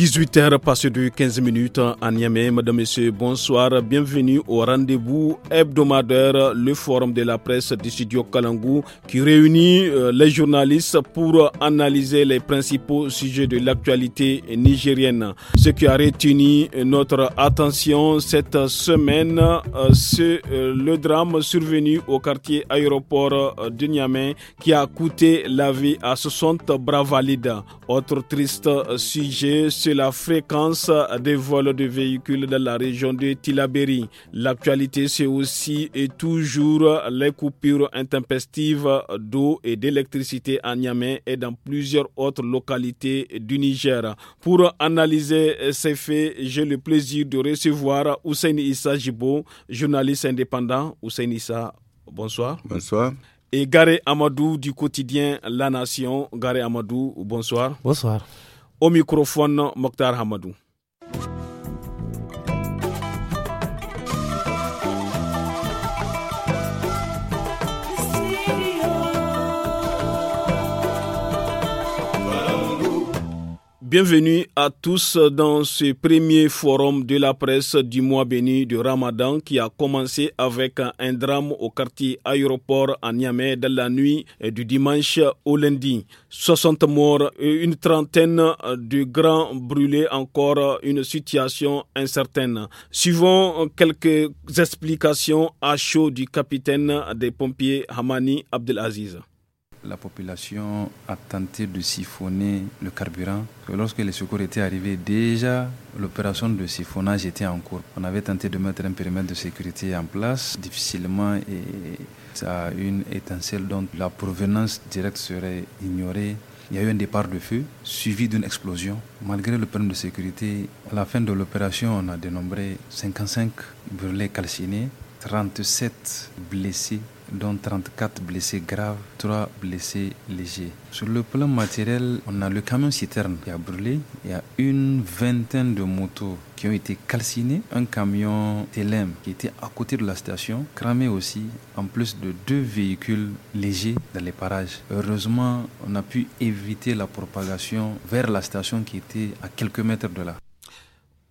18h passé de 15 minutes à Niamey. Madame, Messieurs, bonsoir. Bienvenue au rendez-vous hebdomadaire, le forum de la presse du studio Kalangou, qui réunit euh, les journalistes pour analyser les principaux sujets de l'actualité nigérienne. Ce qui a retenu notre attention cette semaine, euh, c'est euh, le drame survenu au quartier aéroport de Niamey qui a coûté la vie à 60 bras valides. Autre triste sujet, c'est la fréquence des vols de véhicules dans la région de Tilaberi. L'actualité, c'est aussi et toujours les coupures intempestives d'eau et d'électricité à Niamey et dans plusieurs autres localités du Niger. Pour analyser ces faits, j'ai le plaisir de recevoir Hussein Issa Jibo, journaliste indépendant. Hussein Issa, bonsoir. Bonsoir. Et Garé Amadou du quotidien La Nation. Garé Amadou, bonsoir. Bonsoir. Au microphone, Mokhtar Hamadou. Bienvenue à tous dans ce premier forum de la presse du mois béni du Ramadan qui a commencé avec un drame au quartier aéroport à Niamey dans la nuit du dimanche au lundi. 60 morts et une trentaine de grands brûlés encore une situation incertaine. Suivons quelques explications à chaud du capitaine des pompiers Hamani Abdelaziz la population a tenté de siphonner le carburant. Lorsque les secours étaient arrivés, déjà l'opération de siphonnage était en cours. On avait tenté de mettre un périmètre de sécurité en place, difficilement, et ça a une étincelle dont la provenance directe serait ignorée. Il y a eu un départ de feu suivi d'une explosion. Malgré le problème de sécurité, à la fin de l'opération, on a dénombré 55 brûlés calcinés, 37 blessés dont 34 blessés graves, 3 blessés légers. Sur le plan matériel, on a le camion citerne qui a brûlé. Il y a une vingtaine de motos qui ont été calcinées. Un camion TLM qui était à côté de la station, cramé aussi, en plus de deux véhicules légers dans les parages. Heureusement, on a pu éviter la propagation vers la station qui était à quelques mètres de là.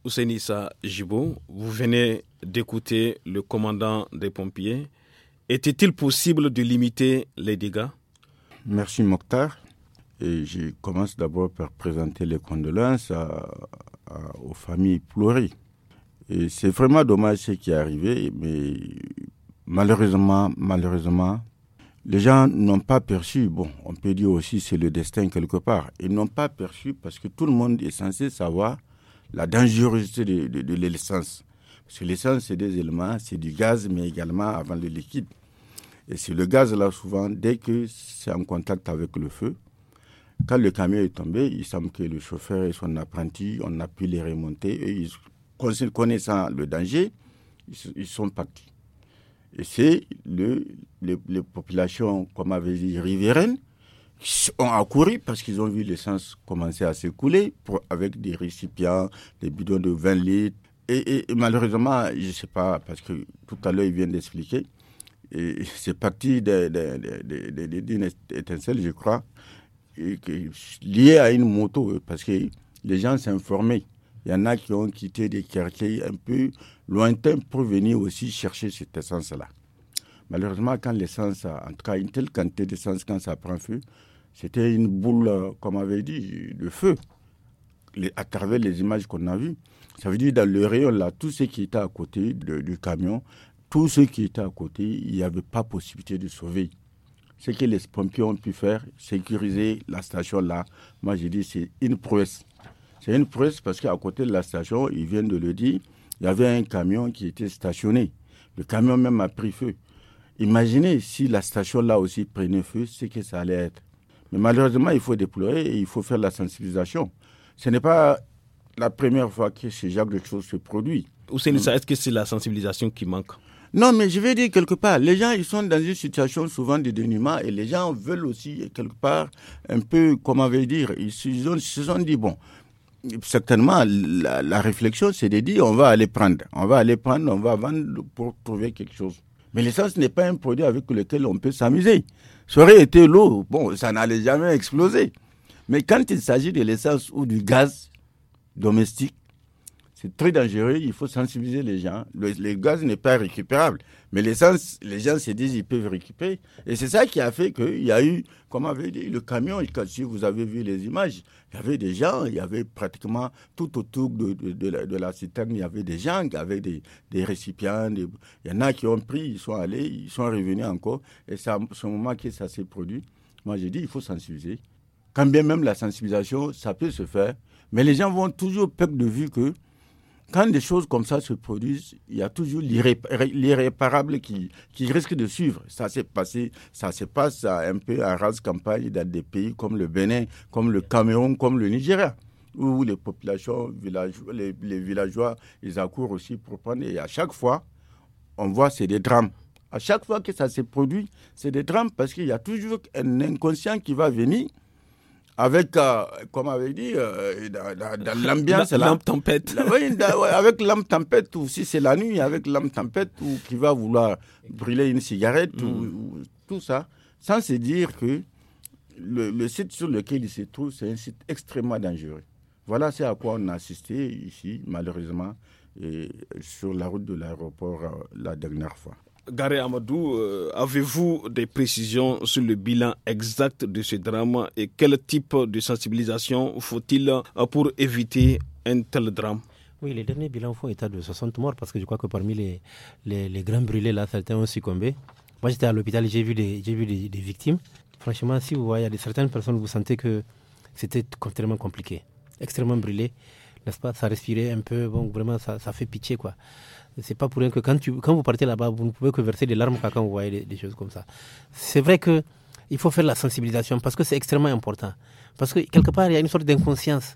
Ousenissa Jibo, vous venez d'écouter le commandant des pompiers était-il possible de limiter les dégâts Merci Mokhtar. Et je commence d'abord par présenter les condoléances aux familles pleurées. Et c'est vraiment dommage ce qui est arrivé, mais malheureusement, malheureusement, les gens n'ont pas perçu, bon, on peut dire aussi c'est le destin quelque part, ils n'ont pas perçu parce que tout le monde est censé savoir la dangerosité de, de l'essence. Parce que l'essence, c'est des éléments, c'est du gaz, mais également avant le liquide. Et c'est le gaz, là, souvent, dès que c'est en contact avec le feu, quand le camion est tombé, il semble que le chauffeur et son apprenti, on a pu les remonter. Et ils, connaissant le danger, ils sont partis. Et c'est le, les populations, comme avait dit, riveraines, qui ont accouru parce qu'ils ont vu l'essence commencer à s'écouler avec des récipients, des bidons de 20 litres. Et, malheureusement, je ne sais pas, parce que tout à l'heure, il vient d'expliquer, c'est parti d'une étincelle, je crois, liée à une moto, parce que les gens s'informaient. Il y en a qui ont quitté des quartiers un peu lointains pour venir aussi chercher cette essence-là. Malheureusement, quand l'essence, en tout cas une telle quantité d'essence, quand ça prend feu, c'était une boule, euh, comme on avait dit, de feu, à travers les images qu'on a vues. Ça veut dire dans le rayon, là, tout ce qui était à côté du camion, tous ceux qui étaient à côté, il n'y avait pas possibilité de sauver. Ce que les pompiers ont pu faire, sécuriser la station là, moi j'ai dit c'est une prouesse. C'est une prouesse parce qu'à côté de la station, ils viennent de le dire, il y avait un camion qui était stationné. Le camion même a pris feu. Imaginez si la station là aussi prenait feu, ce que ça allait être. Mais malheureusement, il faut déployer et il faut faire la sensibilisation. Ce n'est pas la première fois que ce genre de choses se produit. Ou mm. est-ce que c'est la sensibilisation qui manque non, mais je veux dire quelque part, les gens, ils sont dans une situation souvent de dénuement et les gens veulent aussi, quelque part, un peu, comment vais dire, ils se sont dit, bon, certainement, la, la réflexion, c'est de dire, on va aller prendre, on va aller prendre, on va vendre pour trouver quelque chose. Mais l'essence n'est pas un produit avec lequel on peut s'amuser. Ça aurait été l'eau, bon, ça n'allait jamais exploser. Mais quand il s'agit de l'essence ou du gaz domestique, c'est très dangereux, il faut sensibiliser les gens. Le, gaz n'est pas récupérable, mais les, les gens se disent qu'ils peuvent récupérer. Et c'est ça qui a fait qu'il y a eu, comme avait dit, le camion, si vous avez vu les images, il y avait des gens, il y avait pratiquement tout autour de, la, de citerne, il y avait des gens qui avaient des récipients. il y en a qui ont pris, ils sont allés, ils sont revenus encore. Et c'est à ce moment que ça s'est produit. Moi, j'ai dit, il faut sensibiliser. Quand bien même la sensibilisation, ça peut se faire. Mais les gens vont toujours perdre de vue que quand des choses comme ça se produisent, il y a toujours l'irréparable qui, risque de suivre. Ça s'est passé, ça se passe un peu à rase campagne dans des pays comme le Bénin, comme le Cameroun, comme le Nigeria, où les populations, les, villageois, ils accourent aussi pour prendre. Et à chaque fois, on voit, c'est des drames. À chaque fois que ça se produit, c'est des drames parce qu'il y a toujours un inconscient qui va venir avec, comme euh, comme avait dit, euh, dans, l'ambiance. La, lampe tempête. avec lampe tempête, ou si c'est la nuit, avec lampe tempête, ou qui va vouloir brûler une cigarette, ou, mm. tout ça, sans se dire que le, site sur lequel il se trouve, c'est un site extrêmement dangereux. Voilà c'est à quoi on a assisté ici, malheureusement, sur la route de l'aéroport euh, la dernière fois. Garé Amadou, euh, avez-vous des précisions sur le bilan exact de ce drame et quel type de sensibilisation faut-il euh, pour éviter un tel drame oui, les derniers bilans font état de 60 morts parce que je crois que parmi les, les, grands brûlés, là, certains ont succombé. Moi, j'étais à l'hôpital, et j'ai vu, des, vu des, victimes. Franchement, si vous voyez certaines personnes, vous sentez que c'était extrêmement compliqué, extrêmement brûlé pas Ça respirait un peu, bon, vraiment, ça, fait pitié, quoi. C'est pas pour rien que quand, tu, quand vous partez là-bas, vous ne pouvez que verser des larmes quand vous voyez des, choses comme ça. C'est vrai que il faut faire la sensibilisation parce que c'est extrêmement important. Parce que quelque part, il y a une sorte d'inconscience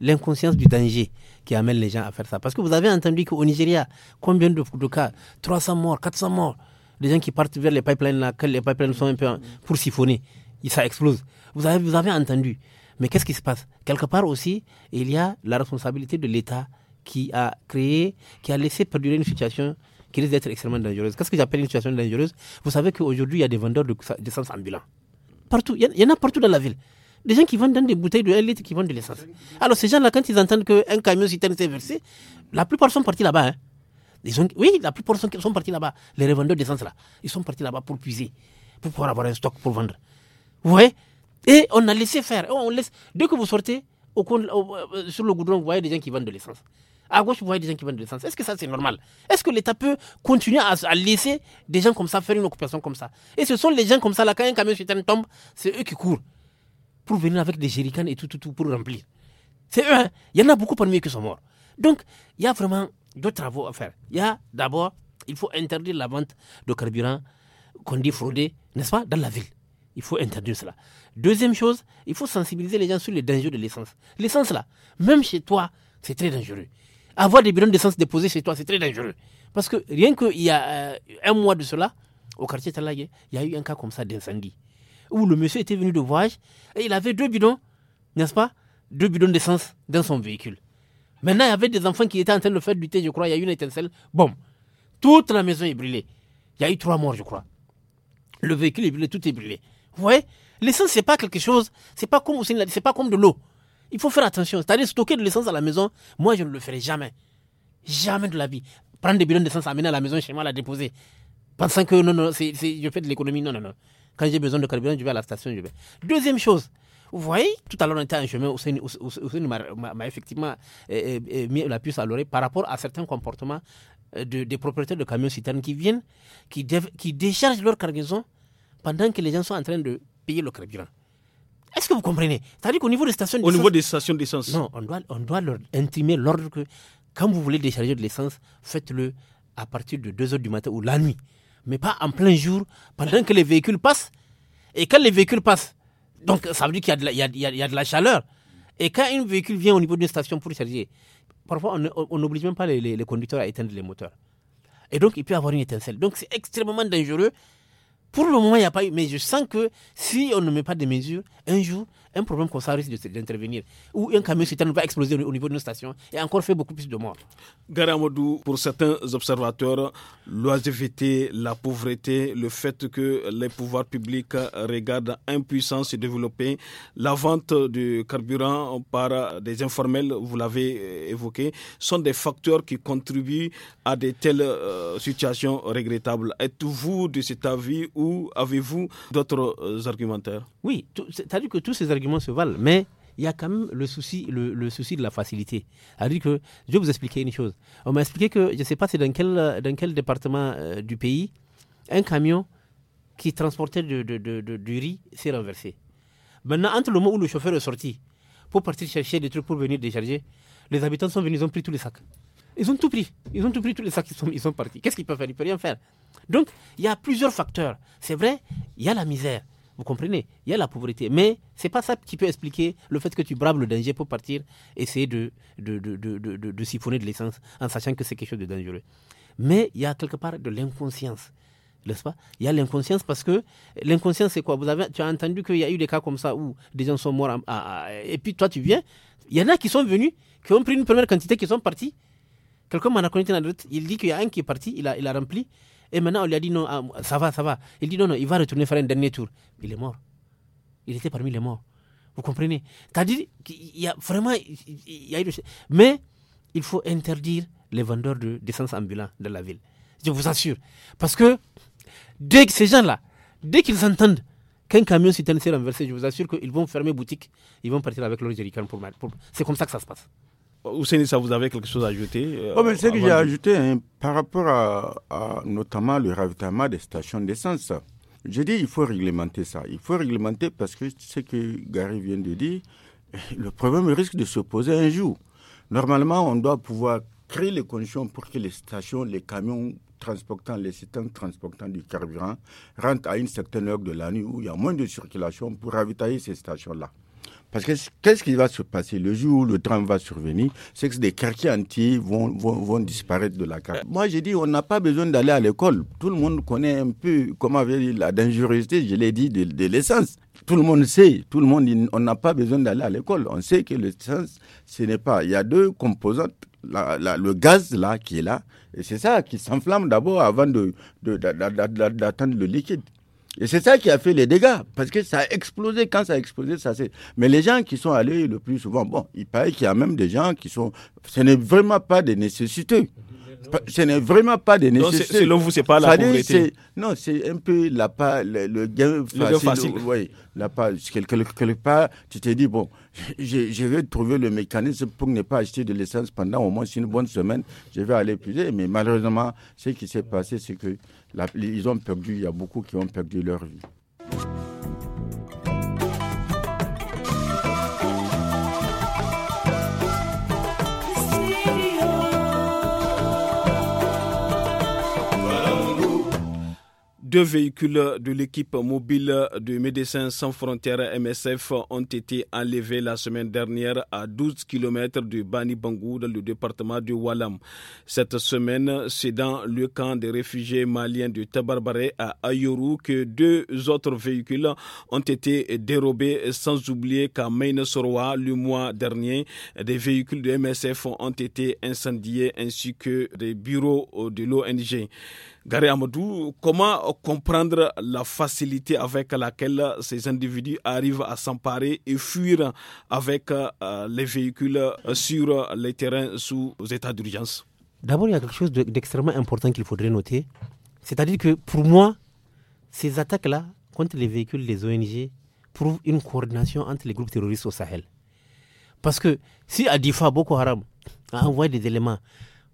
l'inconscience du danger qui amène les gens à faire ça. Parce que vous avez entendu qu'au Nigeria, combien de, de, cas 300 morts, 400 morts. Les gens qui partent vers les pipelines, là, que les pipelines sont un peu pour siphonner, ça explose. Vous avez, vous avez entendu. Mais qu'est-ce qui se passe Quelque part aussi, il y a la responsabilité de l'État qui a créé, qui a laissé perdurer une situation qui risque d'être extrêmement dangereuse. Qu'est-ce que j'appelle une situation dangereuse Vous savez qu'aujourd'hui, il y a des vendeurs de, d'essence ambulants. Partout. Il y en a partout dans la ville. Des gens qui vendent dans des bouteilles de 1 litre qui vendent de l'essence. Alors, ces gens-là, quand ils entendent qu'un camion citerne s'est versé, la plupart sont partis là-bas. Hein. oui, la plupart sont, sont partis là-bas. Les revendeurs d'essence, là, ils sont partis là-bas pour puiser, pour pouvoir avoir un stock pour vendre. Vous voyez et on a laissé faire. On laisse... Dès que vous sortez euh, sur le goudron, vous voyez des gens qui vendent de l'essence. À gauche, vous voyez des gens qui vendent de l'essence. Est-ce que ça, c'est normal Est-ce que l'État peut continuer à, laisser des gens comme ça faire une occupation comme ça Et ce sont les gens comme ça, là, quand un camion terre tombe, c'est eux qui courent pour venir avec des jerrycans et tout, tout, tout pour remplir. C'est eux. Hein. il y en a beaucoup parmi eux qui sont morts. Donc, il y a vraiment deux travaux à faire. Il y a d'abord, il faut interdire la vente de carburant qu'on dit fraudé, n'est-ce pas, dans la ville. Il faut interdire cela. Deuxième chose, il faut sensibiliser les gens sur les dangers de l'essence. L'essence, là, même chez toi, c'est très dangereux. Avoir des bidons d'essence déposés chez toi, c'est très dangereux. Parce que rien qu'il y a euh, un mois de cela, au quartier Talaye, il y a eu un cas comme ça d'incendie. Où le monsieur était venu de voyage et il avait deux bidons, n'est-ce pas Deux bidons d'essence dans son véhicule. Maintenant, il y avait des enfants qui étaient en train de faire du thé, je crois. Il y a eu une étincelle. Bon. Toute la maison est brûlée. Il y a eu trois morts, je crois. Le véhicule est brûlé, tout est brûlé. Vous voyez L'essence, c'est pas quelque chose, c'est pas comme, c'est pas comme de l'eau. Il faut faire attention. C'est-à-dire stocker de l'essence à la maison, moi, je ne le ferai jamais. Jamais de la vie. Prendre des bidons d'essence, amener à la maison chez moi, la déposer. Pensant que non, non, c'est, je fais de l'économie. Non, non, non. Quand j'ai besoin de carburant, je vais à la station, je vais. Deuxième chose, vous voyez, tout à l'heure, on était en chemin, m'a effectivement euh, euh, euh, mis la puce à l'oreille par rapport à certains comportements de, des propriétaires de camions citernes qui viennent, qui déchargent leur cargaison pendant que les gens sont en train de payer le carburant. Est-ce que vous comprenez C'est-à-dire qu'au niveau des stations d'essence. Au niveau des stations d'essence. Non, on doit, on doit leur intimer l'ordre que quand vous voulez décharger de l'essence, faites-le à partir de 2 h du matin ou la nuit. Mais pas en plein jour, pendant que les véhicules passent. Et quand les véhicules passent, donc ça veut dire qu'il y, y, y, a de la chaleur. Et quand un véhicule vient au niveau d'une station pour charger, parfois on n'oblige même pas les, les, les conducteurs à éteindre les moteurs. Et donc il peut y avoir une étincelle. Donc c'est extrêmement dangereux pour le moment, il n'y a pas eu, mais je sens que si on ne met pas des mesures, un jour, un problème comme ça risque d'intervenir. Ou un camion citerne va exploser au niveau de nos stations et encore fait beaucoup plus de morts. Garamadou, pour certains observateurs, l'oisiveté, la pauvreté, le fait que les pouvoirs publics regardent impuissants se développer, la vente du carburant par des informels, vous l'avez euh, évoqué, sont des facteurs qui contribuent à de telles euh, situations regrettables. Êtes-vous de cet avis ou ou avez-vous d'autres euh, argumentaires Oui, c'est-à-dire que tous ces arguments se valent, mais il y a quand même le souci, le, souci de la facilité. que, je vais vous expliquer une chose. On m'a expliqué que, je ne sais pas c'est dans quel, dans département euh, du pays, un camion qui transportait du riz s'est renversé. Maintenant, entre le moment où le chauffeur est sorti pour partir chercher des trucs pour venir décharger, les habitants sont venus, ils ont pris tous les sacs. Ils ont tout pris. Ils ont tout pris, tous les sacs, ils sont, ils sont partis. Qu'est-ce qu'ils peuvent faire Ils ne peuvent rien faire. Donc, il y a plusieurs facteurs. C'est vrai, il y a la misère. Vous comprenez Il y a la pauvreté. Mais c'est pas ça qui peut expliquer le fait que tu braves le danger pour partir essayer de, de, de, de, de siphonner de l'essence en sachant que c'est quelque chose de dangereux. Mais il y a quelque part de l'inconscience. N'est-ce pas Il y a l'inconscience parce que l'inconscience, c'est quoi Vous avez, Tu as entendu qu'il y a eu des cas comme ça où des gens sont morts et puis toi, tu viens. Il y en a qui sont venus, qui ont pris une première quantité, qui sont partis Quelqu'un m'a a connu dans il dit qu'il y a un qui est parti, il a, rempli, et maintenant on lui a dit non, ah, ça va, ça va. Il dit non, non, il va retourner faire un dernier tour. Il est mort. Il était parmi les morts. Vous comprenez C'est-à-dire qu'il y a vraiment. Il a Mais il faut interdire les vendeurs d'essence de, ambulants de la ville. Je vous assure. Parce que dès que ces gens-là, dès qu'ils entendent qu'un camion s'est renversé, je vous assure qu'ils vont fermer boutique, ils vont partir avec leur pour... C'est comme ça que ça se passe ça vous avez quelque chose à ajouter euh, oh, mais C'est que j'ai ajouté hein, par rapport à, notamment le ravitaillement des stations d'essence. Je dit il faut réglementer ça. Il faut réglementer parce que ce que Gary vient de dire, le problème risque de se poser un jour. Normalement, on doit pouvoir créer les conditions pour que les stations, les camions transportant, les systèmes transportant du carburant rentrent à une certaine heure de la nuit où il y a moins de circulation pour ravitailler ces stations-là. Parce que qu'est-ce qui va se passer le jour où le train va survenir C'est que des quartiers entiers vont, vont, vont, disparaître de la carte. Euh. Moi, j'ai dit, on n'a pas besoin d'aller à l'école. Tout le monde connaît un peu, comment la dangerosité, je l'ai dit, de, l'essence. Tout le monde sait, tout le monde, on n'a pas besoin d'aller à l'école. On sait que l'essence, ce n'est pas. Il y a deux composantes le gaz là qui est là, et c'est ça qui s'enflamme d'abord avant de, d'attendre le liquide. Et c'est ça qui a fait les dégâts, parce que ça a explosé. Quand ça a explosé, ça s'est. Mais les gens qui sont allés le plus souvent, bon, il paraît qu'il y a même des gens qui sont. Ce n'est vraiment pas des nécessités. Ce n'est vraiment pas des nécessités. selon vous, c'est pas la pauvreté. non, c'est un peu la part, le, facile. Oui, la part. Quelque, part, tu t'es dit bon, j'ai je, vais trouver le mécanisme pour ne pas acheter de l'essence pendant au moins une bonne semaine. Je vais aller puiser. Mais malheureusement, ce qui s'est passé, c'est que ils ont perdu, il y a beaucoup qui ont perdu leur vie. deux véhicules de l'équipe mobile de Médecins sans frontières MSF ont été enlevés la semaine dernière à 12 km de Bani Bangou dans le département de Walam. Cette semaine, c'est dans le camp des réfugiés maliens de Tabarbaré à Ayuru que deux autres véhicules ont été dérobés, sans oublier qu'à Main soroa le mois dernier, des véhicules de MSF ont été incendiés ainsi que des bureaux de l'ONG. Gary Amadou, comment comprendre la facilité avec laquelle ces individus arrivent à s'emparer et fuir avec euh, les véhicules euh, sur les terrains sous état d'urgence D'abord, il y a quelque chose d'extrêmement important qu'il faudrait noter. C'est-à-dire que pour moi, ces attaques-là contre les véhicules des ONG prouvent une coordination entre les groupes terroristes au Sahel. Parce que si Adifa Boko Haram a envoyé des éléments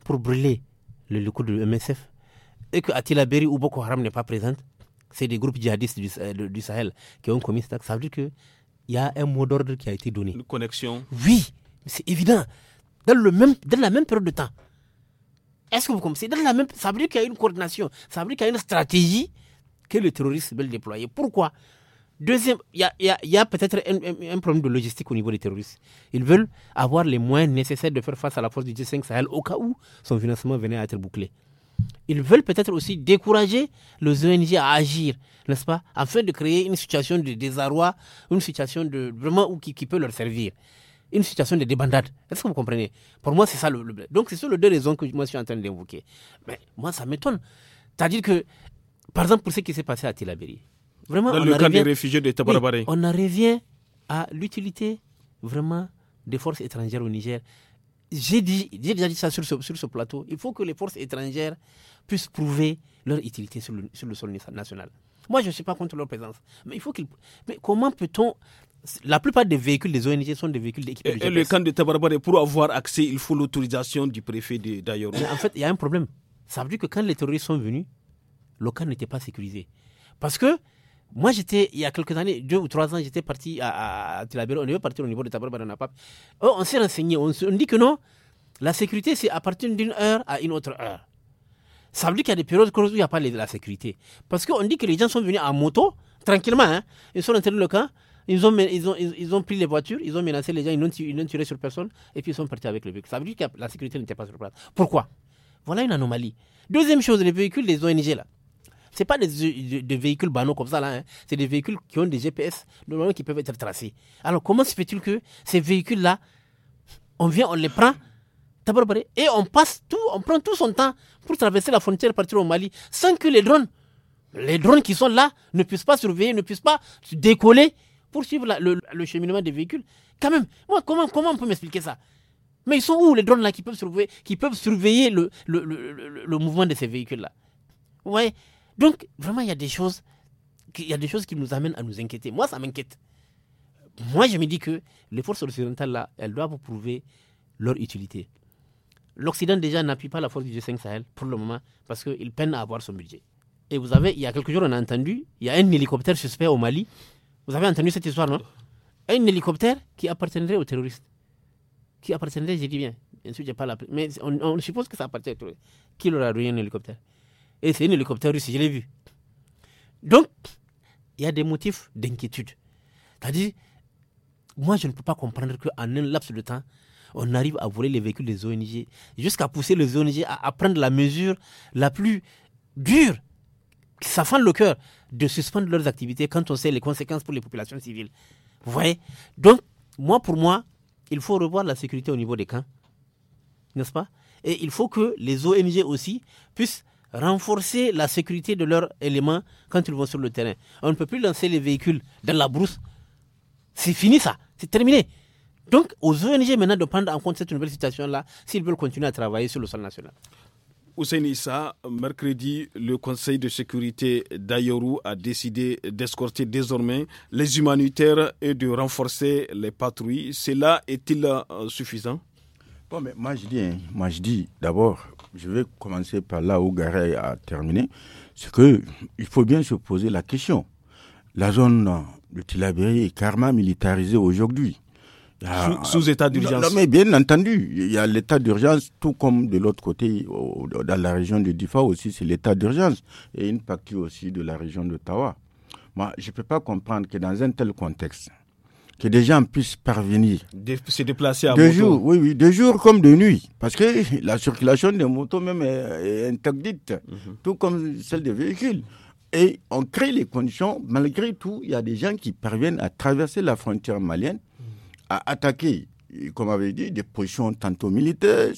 pour brûler le locaux de MSF, et que Attila Berry ou Boko Haram n'est pas présente, c'est des groupes djihadistes du, euh, Sahel qui ont commis cette acte. Ça veut dire qu'il y a un mot d'ordre qui a été donné. Une connexion. Oui, c'est évident. Dans, le même, dans la même période de temps. Est-ce que vous comprenez dans la même, Ça veut dire qu'il y a une coordination. Ça veut dire qu'il y a une stratégie que les terroristes veulent déployer. Pourquoi Deuxième, il y a, peut-être un, problème de logistique au niveau des terroristes. Ils veulent avoir les moyens nécessaires de faire face à la force du G5 Sahel au cas où son financement venait à être bouclé ils veulent peut-être aussi décourager les ONG à agir, n'est-ce pas, afin de créer une situation de désarroi, une situation de vraiment qui, qui peut leur servir, une situation de débandade. Est-ce que vous comprenez Pour moi, c'est ça le, donc c'est sur les deux raisons que moi je suis en train d'invoquer. Mais moi, ça m'étonne. C'est-à-dire que, par exemple, pour ce qui s'est passé à Tilaberi, vraiment, Dans le cas des réfugiés de on en revient à l'utilité vraiment des forces étrangères au Niger j'ai dit, déjà dit ça sur ce, plateau, il faut que les forces étrangères puissent prouver leur utilité sur le, sol national. Moi, je ne suis pas contre leur présence. Mais il faut qu'ils. Mais comment peut-on. La plupart des véhicules des ONG sont des véhicules d'équipement. et, le camp de Tabarabare, pour avoir accès, il faut l'autorisation du préfet d'ailleurs. En fait, il y a un problème. Ça veut dire que quand les terroristes sont venus, le camp n'était pas sécurisé. Parce que moi, j'étais, il y a quelques années, deux ou trois ans, j'étais parti à, à, On est parti au niveau de Tabarbaranapap. Oh, on s'est renseigné. On, dit que non, la sécurité, c'est à partir d'une heure à une autre heure. Ça veut dire qu'il y a des périodes où il n'y a pas de la sécurité. Parce qu'on dit que les gens sont venus en moto, tranquillement. Hein. ils sont rentrés dans le camp. Ils ont, ils, ont, ils ont, pris les voitures, ils ont menacé les gens, ils n'ont tiré, sur personne, et puis ils sont partis avec le véhicule. Ça veut dire que la sécurité n'était pas sur place. Pourquoi Voilà une anomalie. Deuxième chose, les véhicules des ONG, là. C'est pas des, des, véhicules banaux comme ça là. Hein. C'est des véhicules qui ont des GPS normalement qui peuvent être tracés. Alors comment se fait-il que ces véhicules là, on vient, on les prend et on passe tout, on prend tout son temps pour traverser la frontière partir au Mali sans que les drones, les drones qui sont là, ne puissent pas surveiller, ne puissent pas décoller pour suivre le, cheminement des véhicules. Quand même, moi, comment, comment on peut m'expliquer ça Mais ils sont où les drones là qui peuvent surveiller, qui peuvent surveiller le, le mouvement de ces véhicules là Ouais, donc, vraiment, il y a des choses, il y a des choses qui nous amènent à nous inquiéter. Moi, ça m'inquiète. Moi, je me dis que les forces occidentales, là, elles doivent prouver leur utilité. L'Occident déjà n'appuie pas la force du G5 Sahel pour le moment parce qu'il peine à avoir son budget. Et vous avez, il y a quelques jours, on a entendu, il y a un hélicoptère suspect au Mali. Vous avez entendu cette histoire, non Un hélicoptère qui appartiendrait aux terroristes. Qui appartiendrait, j'ai dit bien. Bien sûr, pas la. Mais on, on suppose que ça appartient aux terroristes. Qui leur a donné un hélicoptère et c'est un hélicoptère russe, je l'ai vu. Donc, il y a des motifs d'inquiétude. C'est-à-dire, moi, je ne peux pas comprendre qu'en un laps de temps, on arrive à voler les véhicules des ONG, jusqu'à pousser les ONG à, prendre la mesure la plus dure, qui s'affane le cœur, de suspendre leurs activités quand on sait les conséquences pour les populations civiles. Vous voyez Donc, moi, pour moi, il faut revoir la sécurité au niveau des camps, n'est-ce pas Et il faut que les ONG aussi puissent renforcer la sécurité de leurs éléments quand ils vont sur le terrain. On ne peut plus lancer les véhicules dans la brousse. C'est fini ça, c'est terminé. Donc aux ONG maintenant de prendre en compte cette nouvelle situation-là s'ils veulent continuer à travailler sur le sol national. Hussein Issa, mercredi, le Conseil de sécurité d'Ayoru a décidé d'escorter désormais les humanitaires et de renforcer les patrouilles. Cela est-il euh, suffisant mais moi, je dis, hein, moi, je dis d'abord, je vais commencer par là où Garay a terminé, c'est qu'il faut bien se poser la question. La zone de Tilaberi est carrément militarisée aujourd'hui. sous, état d'urgence. mais bien entendu, il y a l'état d'urgence, tout comme de l'autre côté, dans la région de Difa aussi, c'est l'état d'urgence, et une partie aussi de la région d'Ottawa. Moi, je ne peux pas comprendre que dans un tel contexte, que des gens puissent parvenir. De, se déplacer à de jours. Jour, oui, oui, de jour comme de nuit. Parce que la circulation des motos même est, interdite, mhm. tout comme celle des véhicules. Et on crée les conditions, malgré tout, il y a des gens qui parviennent à traverser la frontière malienne, à attaquer, comme avait dit, des positions tantôt militaires,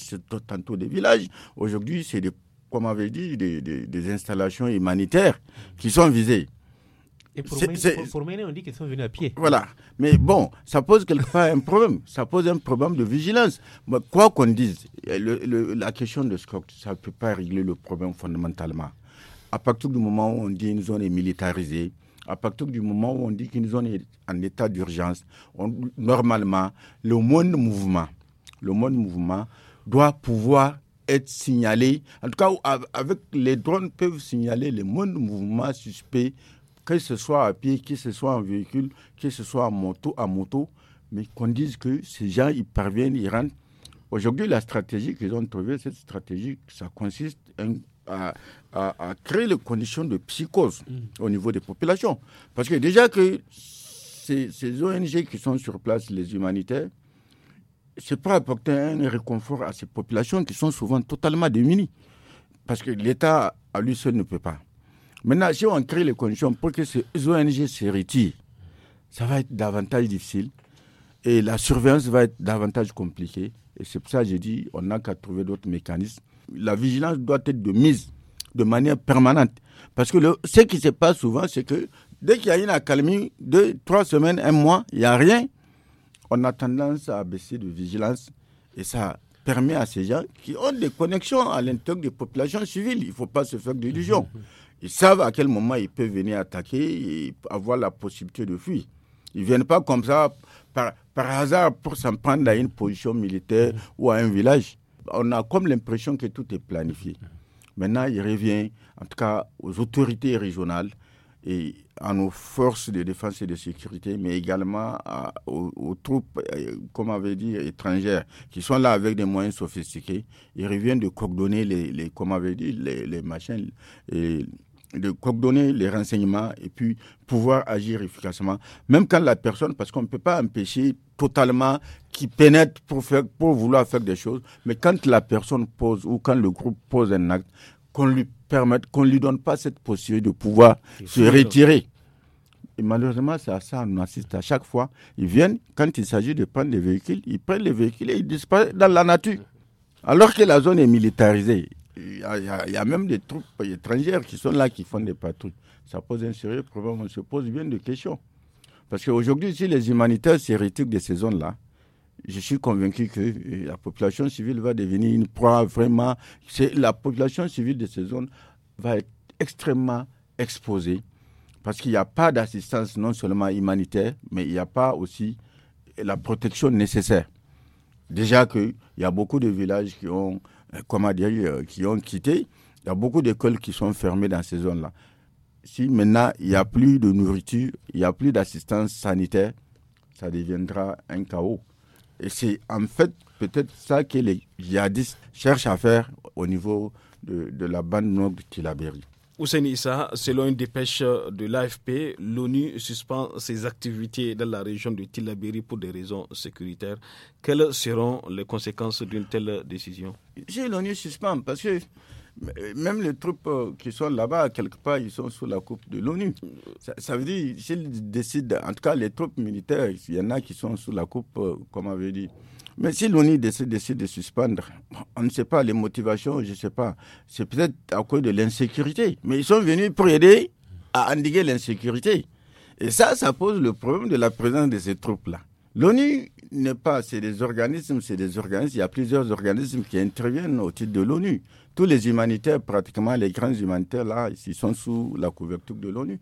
tantôt des villages. Aujourd'hui, c'est des, comme avait dit, des installations humanitaires qui sont visées. Et pour, mener, on dit qu'ils sont venus à pied. Voilà. Mais bon, ça pose quelquefois un problème. Ça pose un problème de vigilance. quoi qu'on dise, la question de Scott, ça ne peut pas régler le problème fondamentalement. À partir du moment où on dit qu'une zone est militarisée, à partir du moment où on dit qu'une zone est en état d'urgence, normalement, le monde mouvement, le mouvement doit pouvoir être signalé. En tout cas, avec les drones peuvent signaler le monde mouvement suspect que ce soit à pied, que ce soit en véhicule, que ce soit en moto, à moto, mais qu'on dise que ces gens, ils parviennent, ils rentrent. Aujourd'hui, la stratégie qu'ils ont trouvée, cette stratégie, ça consiste à, créer les conditions de psychose mm. au niveau des populations. Parce que déjà que ces, ONG qui sont sur place, les humanitaires, c'est pas apporter un réconfort à ces populations qui sont souvent totalement démunies. Parce que l'État, à lui seul, ne peut pas. Maintenant, si on crée les conditions pour que ces ONG se retirent, ça va être davantage difficile et la surveillance va être davantage compliquée. Et c'est pour ça que j'ai dit, on n'a qu'à trouver d'autres mécanismes. La vigilance doit être de mise de manière permanente. Parce que ce qui se passe souvent, c'est que dès qu'il y a une accalmie, deux, trois semaines, un mois, il n'y a rien, on a tendance à baisser de vigilance. Et ça permet à ces gens qui ont des connexions à l'intérieur des populations civiles, il ne faut pas se faire d'illusions. Ils savent à quel moment ils peuvent venir attaquer et avoir la possibilité de fuir. Ils ne viennent pas comme ça par, hasard pour s'en prendre à une position militaire ou à un village. On a comme l'impression que tout est planifié. Maintenant, il revient, en tout cas, aux autorités régionales et à nos forces de défense et de sécurité, mais également aux, troupes, euh, comme on avait dit, étrangères, qui sont là avec des moyens sophistiqués. Ils reviennent de coordonner les, comme on avait dit, les, machines de coordonner les renseignements et puis pouvoir agir efficacement, même quand la personne, parce qu'on ne peut pas empêcher totalement qui pénètre pour, faire, pour vouloir faire des choses, mais quand la personne pose ou quand le groupe pose un acte, qu'on lui permette, qu'on ne lui donne pas cette possibilité de pouvoir se retirer. Et malheureusement, c'est à ça qu'on assiste à chaque fois. Ils viennent, quand il s'agit de prendre des véhicules, ils prennent les véhicules et ils disparaissent dans la nature. Alors que la zone est militarisée, il y, a, même des troupes étrangères qui sont là, qui font des patrouilles. Ça pose un sérieux problème. On se pose bien des questions. Parce qu'aujourd'hui, si les humanitaires s'héritiquent de ces zones-là, je suis convaincu que euh, la population civile va devenir une proie vraiment. La population civile de ces zones va être extrêmement exposée parce qu'il n'y a pas d'assistance non seulement humanitaire, mais il n'y a pas aussi la protection nécessaire. Déjà qu'il y a beaucoup de villages qui ont euh, comment dire, euh, qui ont quitté. Il y a beaucoup d'écoles qui sont fermées dans ces zones-là. Si maintenant il n'y a plus de nourriture, il n'y a plus d'assistance sanitaire, ça deviendra un chaos. Et c'est en fait peut-être ça que les djihadistes cherchent à faire au niveau de, la bande nord de Hussein Issa, selon une dépêche de l'AFP, l'ONU suspend ses activités dans la région de Tilabiri pour des raisons sécuritaires. Quelles seront les conséquences d'une telle décision l'ONU suspend parce que euh, même les troupes euh, qui sont là-bas, quelque part, ils sont sous la coupe de l'ONU. Ça, veut dire, s'ils décident, en tout cas, les troupes militaires, il y en a qui sont sous la coupe, euh, comme on avait dit. Mais si l'ONU décide, de suspendre, on ne sait pas les motivations, je ne sais pas. C'est peut-être à cause de l'insécurité. Mais ils sont venus pour aider à endiguer l'insécurité. Et ça, ça pose le problème de la présence de ces troupes-là. L'ONU n'est pas, c'est des organismes, c'est des organismes, il y a plusieurs organismes qui interviennent au titre de l'ONU. Tous les humanitaires, pratiquement les grands humanitaires, là, ils sont sous la couverture de l'ONU.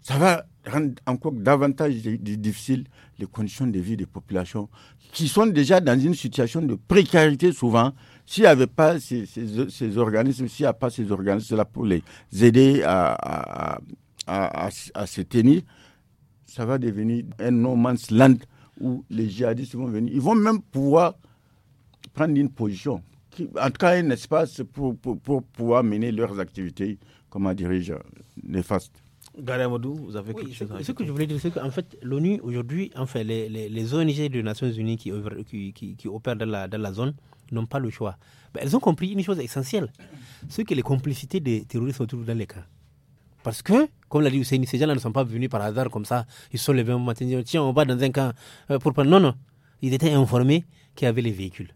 Ça va rendre encore davantage difficile les conditions de vie des populations qui sont déjà dans une situation de précarité souvent. S'il n'y avait pas ces, organismes, s'il n'y a pas ces organismes-là pour les aider à, à, à, à, se tenir, ça va devenir un no man's land où les djihadistes vont venir. Ils vont même pouvoir prendre une position en tout cas un espace pour, pour, pour pouvoir mener leurs activités, comment un néfastes. Garamadou, vous avez quelque Ce que je voulais dire, c'est qu'en fait, l'ONU aujourd'hui, les, les, les, ONG des Nations Unies qui, qui, qui, opèrent dans la, la zone n'ont pas le choix. Ben, elles ont compris une chose essentielle c'est que les complicités des terroristes sont toujours dans les camps. Parce que, comme l'a dit Hussein, ces gens-là ne sont pas venus par hasard comme ça. Ils sont levés un matin, tiens, on va dans un camp euh, pour prendre. Non, non. Ils étaient informés qu'il y avait les véhicules.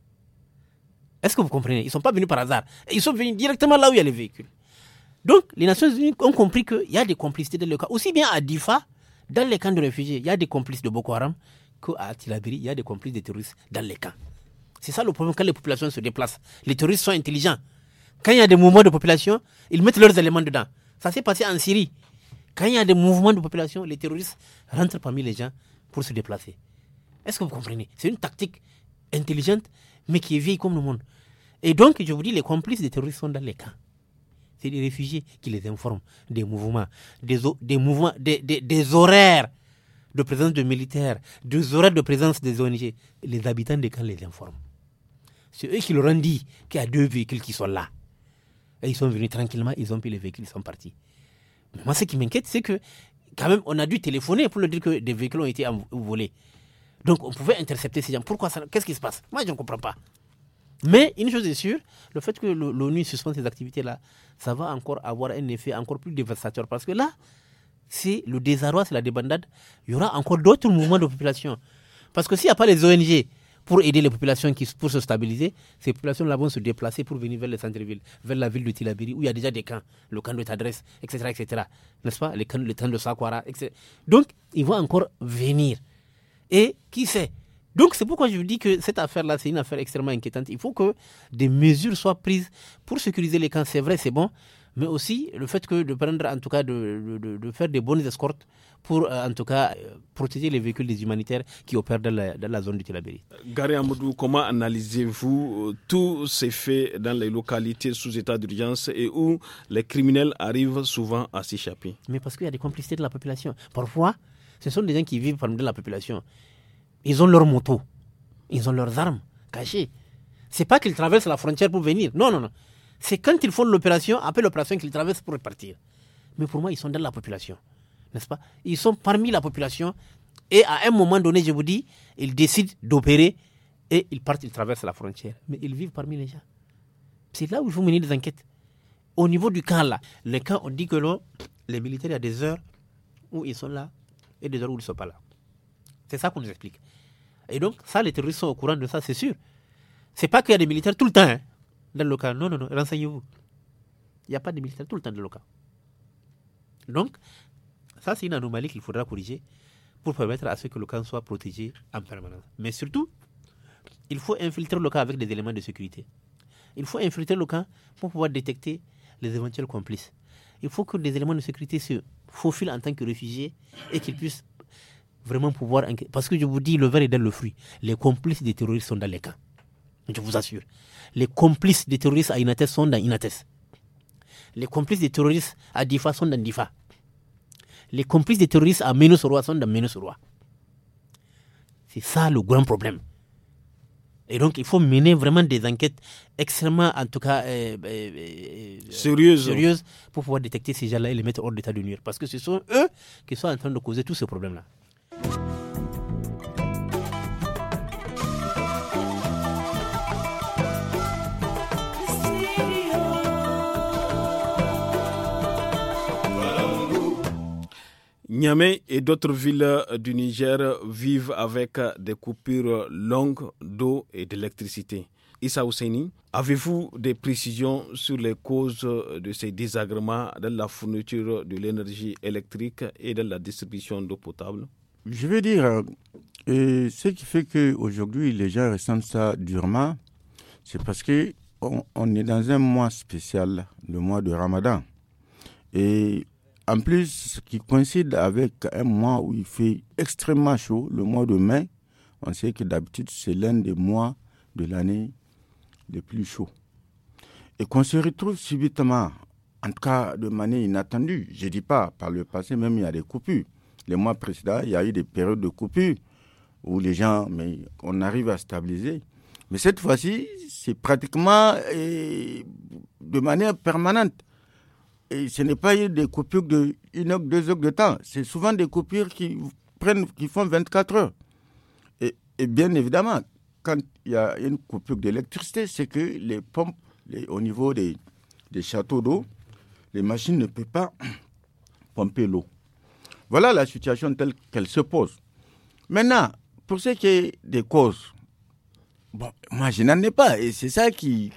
Est-ce que vous comprenez Ils ne sont pas venus par hasard. Ils sont venus directement là où il y a les véhicules. Donc, les Nations Unies ont compris qu'il y a des complicités dans le cas. Aussi bien à Difa, dans les camps de réfugiés, il y a des complices de Boko Haram, qu'à Tilabiri, il y a des complices de terroristes dans les camps. C'est ça le problème quand les populations se déplacent. Les terroristes sont intelligents. Quand il y a des mouvements de population, ils mettent leurs éléments dedans. Ça s'est passé en Syrie. Quand il y a des mouvements de population, les terroristes rentrent parmi les gens pour se déplacer. Est-ce que vous comprenez C'est une tactique intelligente mais qui est vieille comme le monde. Et donc, je vous dis, les complices des terroristes sont dans les camps. C'est les réfugiés qui les informent des mouvements, des, des mouvements, des, horaires de présence de militaires, des horaires de présence des ONG. Les habitants des camps les informent. C'est eux qui leur ont dit qu'il y a deux véhicules qui sont là. Et ils sont venus tranquillement, ils ont pris les véhicules, ils sont partis. Mais moi, ce qui m'inquiète, c'est que quand même, on a dû téléphoner pour leur dire que des véhicules ont été volés. Donc on pouvait intercepter ces gens. Pourquoi ça Qu'est-ce qui se passe Moi, je ne comprends pas. Mais une chose est sûre, le fait que l'ONU suspend ces activités-là, ça va encore avoir un effet encore plus dévastateur. Parce que là, c'est le désarroi, c'est la débandade. Il y aura encore d'autres mouvements de population. Parce que s'il n'y a pas les ONG pour aider les populations qui, pour se stabiliser, ces populations-là vont se déplacer pour venir vers les centres-villes, vers la ville de Tilabiri, où il y a déjà des camps, le camp de Tadresse, etc. etc. N'est-ce pas les camps, Le camp de Saquara, etc. Donc, ils vont encore venir et qui sait. Donc c'est pourquoi je vous dis que cette affaire-là, c'est une affaire extrêmement inquiétante. Il faut que des mesures soient prises pour sécuriser les camps. C'est vrai, c'est bon, mais aussi le fait que de prendre, en tout cas, de, de, faire des bonnes escortes pour, euh, en tout cas, euh, protéger les véhicules des humanitaires qui opèrent dans la, zone du Tilabéry. Gary Amadou, comment analysez-vous euh, tous ces faits dans les localités sous état d'urgence et où les criminels arrivent souvent à s'échapper Mais parce qu'il y a des complicités de la population. Parfois, ce sont des gens qui vivent parmi la population. Ils ont leur moto ils ont leurs armes cachées. C'est pas qu'ils traversent la frontière pour venir. Non, non, non. C'est quand ils font l'opération, après l'opération, qu'ils traversent pour repartir. Mais pour moi, ils sont dans la population. N'est-ce pas Ils sont parmi la population. Et à un moment donné, je vous dis, ils décident d'opérer et ils partent, ils traversent la frontière. Mais ils vivent parmi les gens. C'est là où il faut mener des enquêtes. Au niveau du camp, là, le camp on dit que les militaires, il y a des heures où ils sont là et des heures où ils ne sont pas là. C'est ça qu'on nous explique. Et donc, ça, les terroristes sont au courant de ça, c'est sûr. C'est pas qu'il y a des militaires tout le temps hein, dans le camp. Non, non, non, renseignez-vous. Il n'y a pas de militaires tout le temps dans le camp. Donc, ça, c'est une anomalie qu'il faudra corriger pour permettre à ce que le camp soit protégé en permanence. Mais surtout, il faut infiltrer le camp avec des éléments de sécurité. Il faut infiltrer le camp pour pouvoir détecter les éventuels complices il faut que les éléments de sécurité se faufilent en tant que réfugiés et qu'ils puissent vraiment pouvoir. Parce que je vous dis, le verre est dans le fruit. Les complices des terroristes sont dans les camps. Je vous assure. Les complices des terroristes à Inates sont dans Inates. Les complices des terroristes à Difa sont dans Difa. Les complices des terroristes à Ménosoroa sont dans Ménosoroa. C'est ça le grand problème. Et donc, il faut mener vraiment des enquêtes extrêmement, en tout cas, euh, euh, euh, sérieuses. pour pouvoir détecter ces gens-là et les mettre hors d'état de nuire. Parce que ce sont eux qui sont en train de causer tous ces problèmes là Niamey et d'autres villes du Niger vivent avec des coupures longues d'eau et d'électricité. Issa Ouseni, avez-vous des précisions sur les causes de ces désagréments dans la fourniture de l'énergie électrique et dans la distribution d'eau potable Je veux dire, euh, ce qui fait qu'aujourd'hui les gens ressentent ça durement, c'est parce que on, est dans un mois spécial, le mois de Ramadan. Et en plus, ce qui coïncide avec un mois où il fait extrêmement chaud, le mois de mai, on sait que d'habitude c'est l'un des mois de l'année les plus chauds. Et qu'on se retrouve subitement, en tout cas de manière inattendue, je ne dis pas par le passé, même il y a des coupures. Les mois précédents, il y a eu des périodes de coupures où les gens, mais on arrive à stabiliser. Mais cette fois-ci, c'est pratiquement de manière permanente ce n'est pas des coupures de une heure, deux heures de temps. C'est souvent des coupures qui, prennent, qui font 24 heures. Et, bien évidemment, quand il y a une coupure d'électricité, c'est que les pompes au niveau des châteaux d'eau, les machines ne peuvent pas pomper l'eau. Voilà la situation telle qu'elle se pose. Maintenant, pour ce qui est des causes, moi, je n'en ai pas. Et c'est ça qui,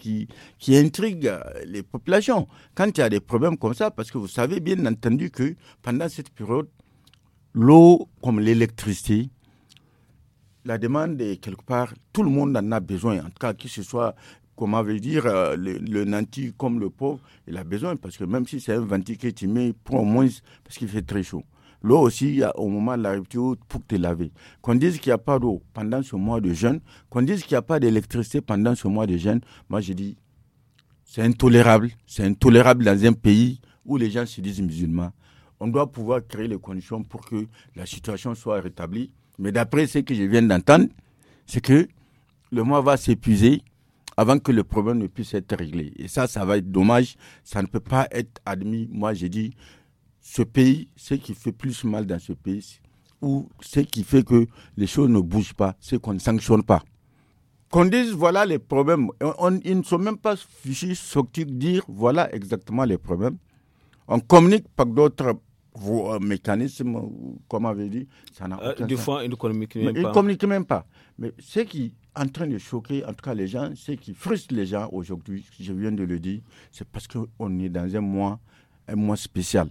qui, intrigue euh, les populations. Quand il y a des problèmes comme ça, parce que vous savez bien entendu que pendant cette période, l'eau comme l'électricité, la demande est quelque part, tout le monde en a besoin. En tout cas, que ce soit, comment veut dire, euh, le, nanti comme le pauvre, il a besoin. Parce que même si c'est un ventiquet, il prend pour au moins, parce qu'il fait très chaud. L'eau aussi, au moment de la rupture, pour te laver. Qu'on dise qu'il n'y a pas d'eau pendant ce mois de jeûne, qu'on dise qu'il n'y a pas d'électricité pendant ce mois de jeûne, moi je dis, c'est intolérable. C'est intolérable dans un pays où les gens se disent musulmans. On doit pouvoir créer les conditions pour que la situation soit rétablie. Mais d'après ce que je viens d'entendre, c'est que le mois va s'épuiser avant que le problème ne puisse être réglé. Et ça, ça va être dommage. Ça ne peut pas être admis. Moi, je dis, ce pays, ce qui fait plus mal dans ce pays, ou ce qui fait que les choses ne bougent pas, c'est qu'on ne sanctionne pas. Qu'on dise voilà les problèmes. ils ne sont même pas fichus, sortis dire voilà exactement les problèmes. On communique pas d'autres euh, mécanismes, comme avez avait dit. Ça n'a euh, fois, ils ne communiquent même pas. Ils communiquent même pas. Mais ce qui est en train de choquer, en tout cas les gens, ce qui frustre les gens aujourd'hui, je viens de le dire, c'est parce qu'on est dans un mois, un mois spécial